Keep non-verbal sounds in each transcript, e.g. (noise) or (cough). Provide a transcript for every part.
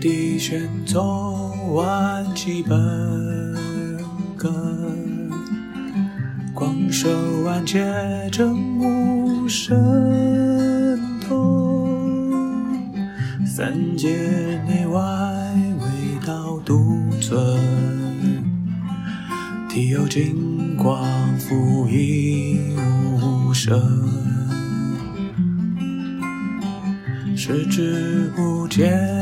地玄宗萬炁本根，廣修萬劫證吾神通，三界內外唯道獨尊，體有金光覆映吾身，視之不見。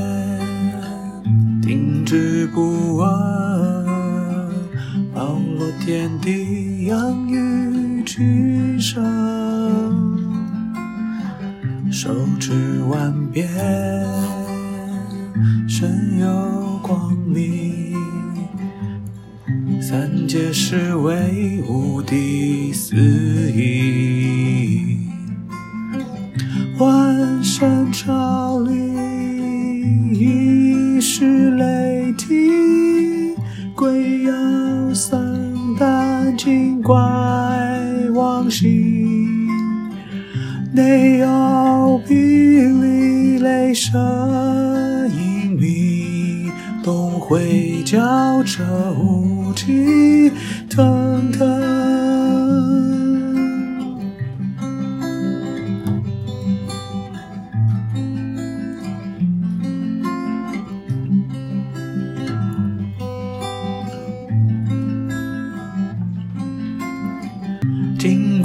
之不聞，包羅天地，養育群生。受持萬遍，身有光明，三界侍衛，五帝司迎。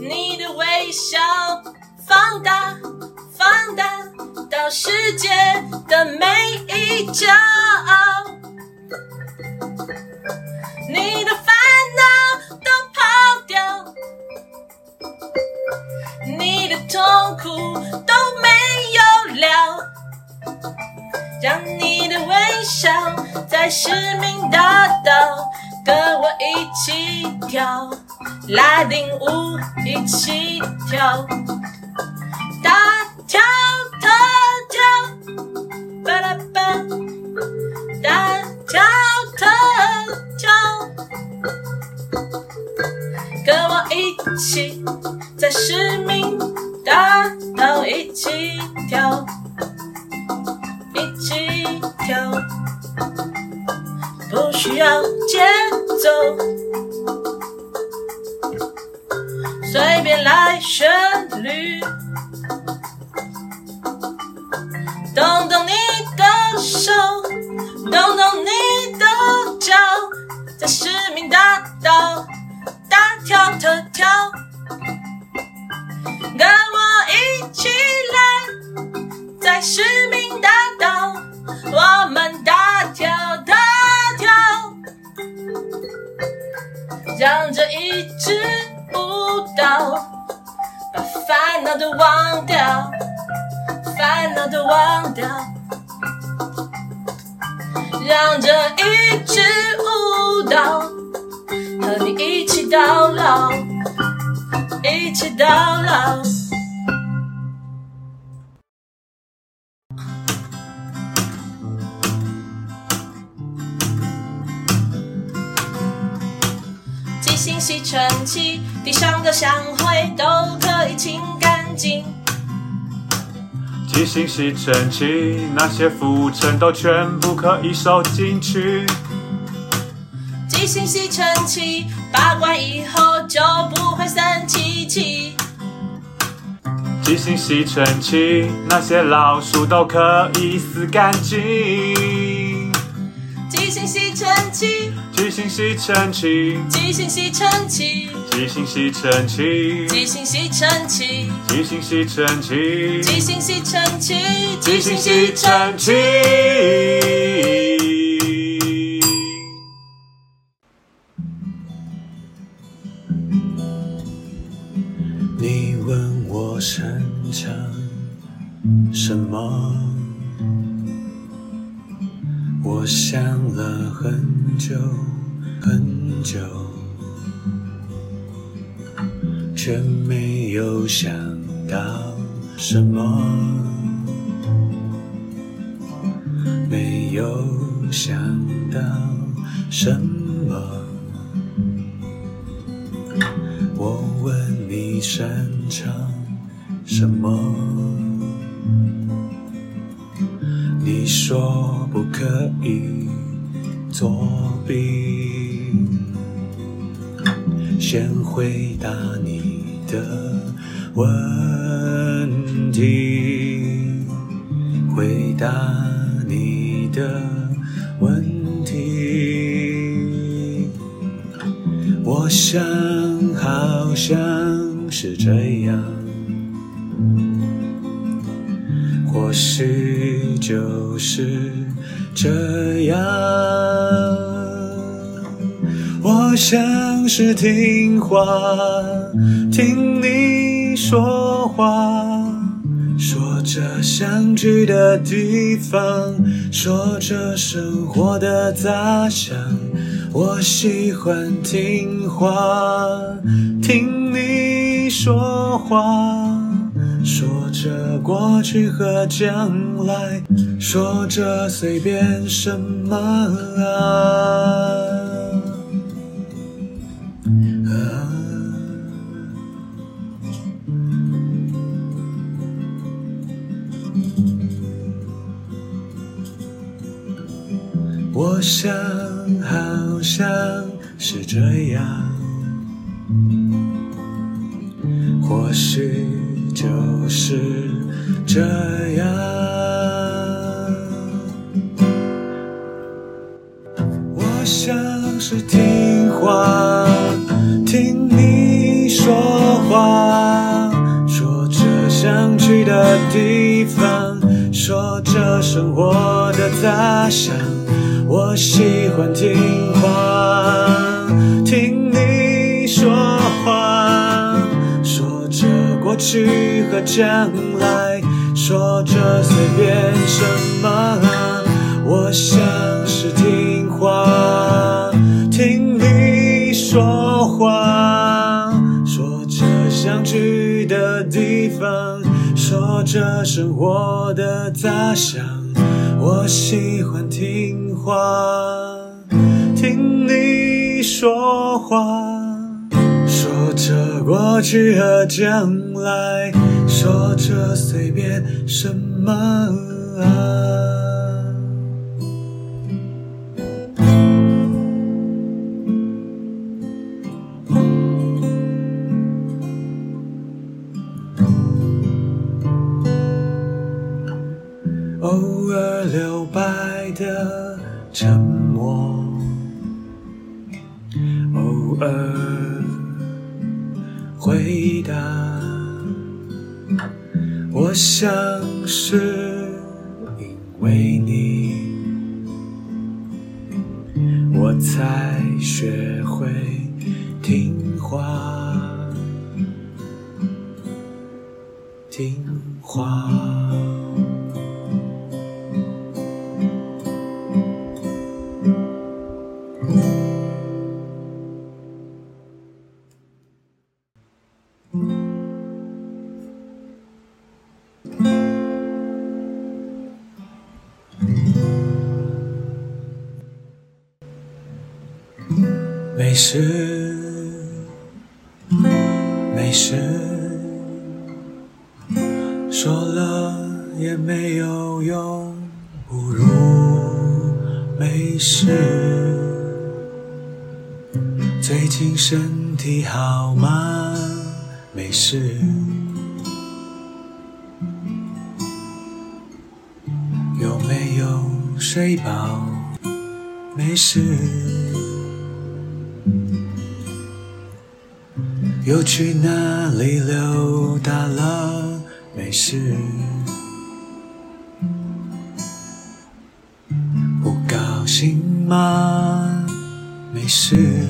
你的微笑放大，放大到世界的每一角。你的煩惱都跑掉，你的痛苦都沒有了。讓你的微笑在市民大道跟我一起跳。拉丁舞一起跳，大跳特跳，巴拉巴大跳特跳，跟我一起在市民大道一起跳，一起跳，不需要節奏。旋律，動動你的手，動動你的腳，在市民大道大跳特跳，跟我一起來，在市民大道我們大跳大跳，讓這一支舞蹈。煩惱都忘掉，煩惱都忘掉，讓這一支舞蹈，和你一起到老，一起到老。即興吸塵器，地上的香灰都可以清掃。即興吸塵器，那些浮塵都全部可以收進去。即興吸塵器，八卦以後就不會生氣氣。即興吸塵器，那些老鼠都可以死乾淨。即興吸塵器。即興吸塵器，即興吸塵器，即興吸塵器，即興吸塵器，即興吸塵器，即興吸塵器，即興吸塵器。你問我擅長什麼？了很久很久，卻沒有想到什麼，沒有想到什麼。我問你擅長什麼？回答你的問題，我想好像是這樣，或許就是這樣。我想是聽話，聽你說話。去的地方，說着生活的雜響。我喜歡聽話，聽你說話，說着過去和將來，說着隨便什麼啊。想，好像是這樣，或許就是這樣。我像是聽話，聽你說話，說着想去的地方，說着生活的雜象。我喜歡聽話，聽你說話，說着過去和將來，說着隨便什麼，我像是聽話，聽你說話，說着想去的地方，說着生活的雜想。我喜歡聽話，聽你說話，說着過去和將來，說着隨便什麼啊。而回答，我想是因為你，我才學會聽話，聽話。不如沒事。最近身體好嗎？沒事。有沒有睡飽？沒事。又去哪裡溜達了？沒事。沒事，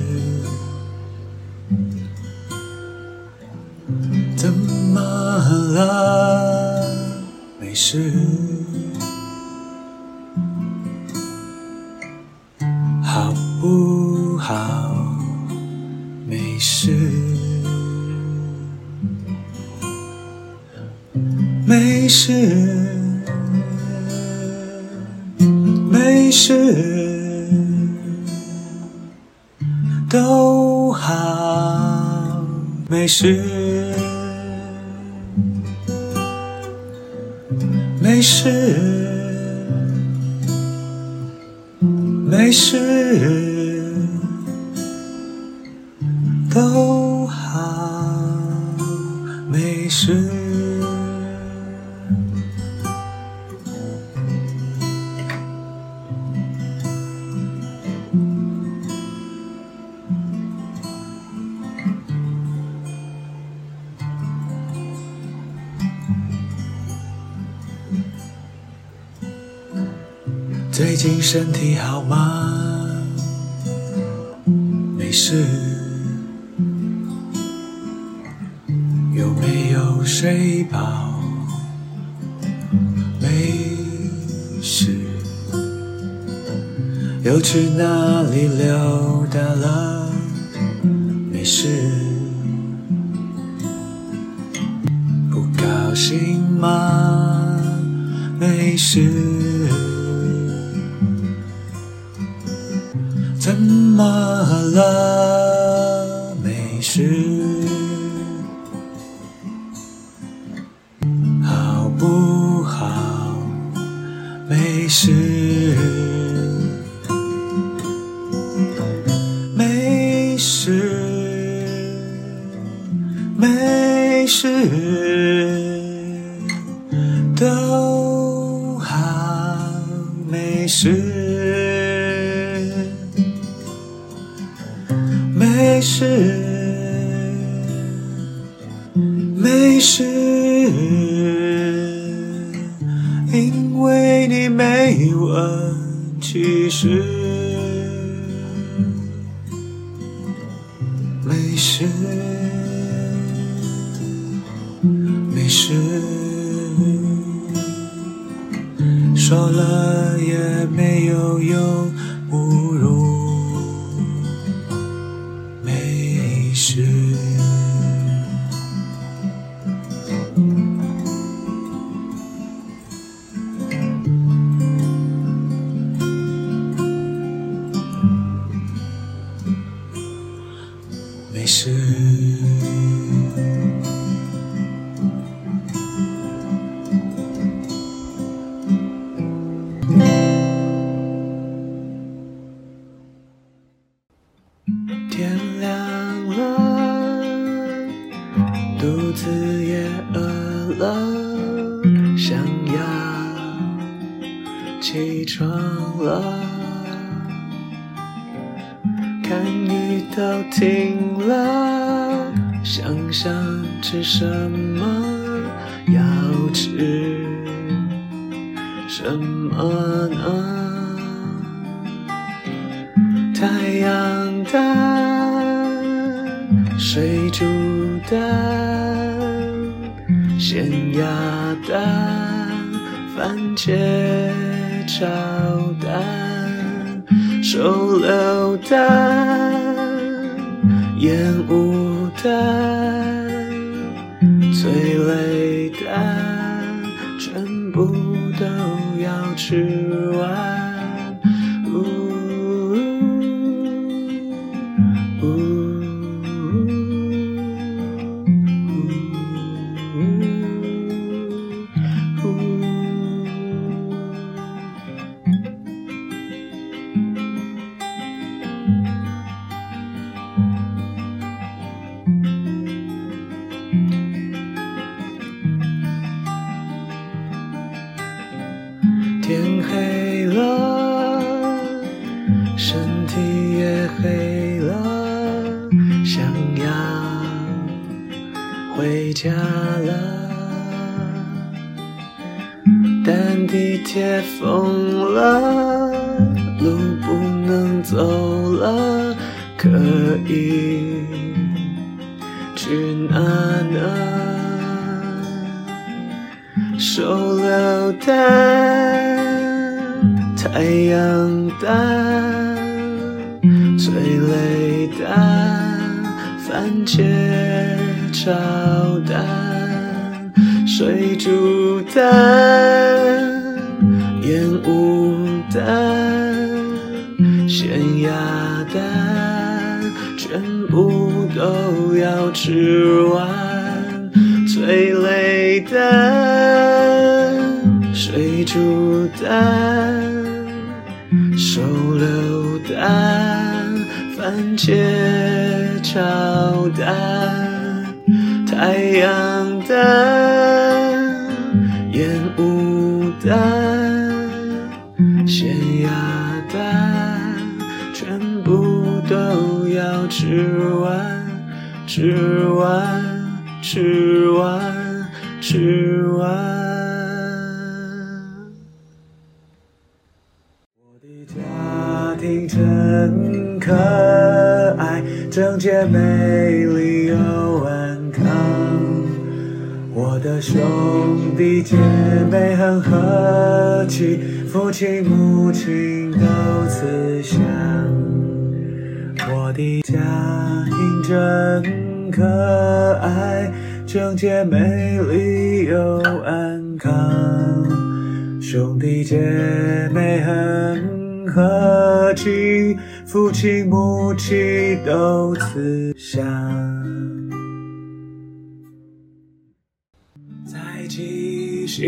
怎麼了？沒事，好不好？沒事，沒事，沒事。還是。最近身體好嗎？沒事。有沒有睡飽？沒事。又去哪裡溜達了？沒事。不高興嗎？沒事。沒事，都好，沒事，沒事，沒事，因為你沒問，其實。鹹鴨蛋、番茄炒蛋、手榴彈、煙霧彈。天黑了，想要回家了，但地鐵封了，路不能走了，可以去哪呢？收了單，太陽大。番茄炒蛋、水煮蛋、煙霧彈、鹹鴨蛋，全部都要吃完。催淚彈、水煮蛋、手榴彈、番茄。炒蛋、太陽蛋、煙霧蛋、鹹鴨蛋，全部都要吃完，吃完，吃完。整潔、美麗又安康，我的兄弟姐妹很和氣，父親母親都慈祥，我的家庭真可愛，整潔、美麗又安康，兄弟姐妹很。和氣，父親母親都慈祥。 (music) 在即興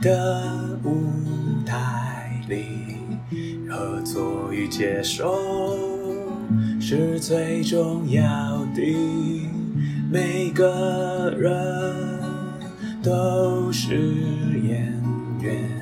的舞台裡，合作與接受是最重要的。每個人都是演員，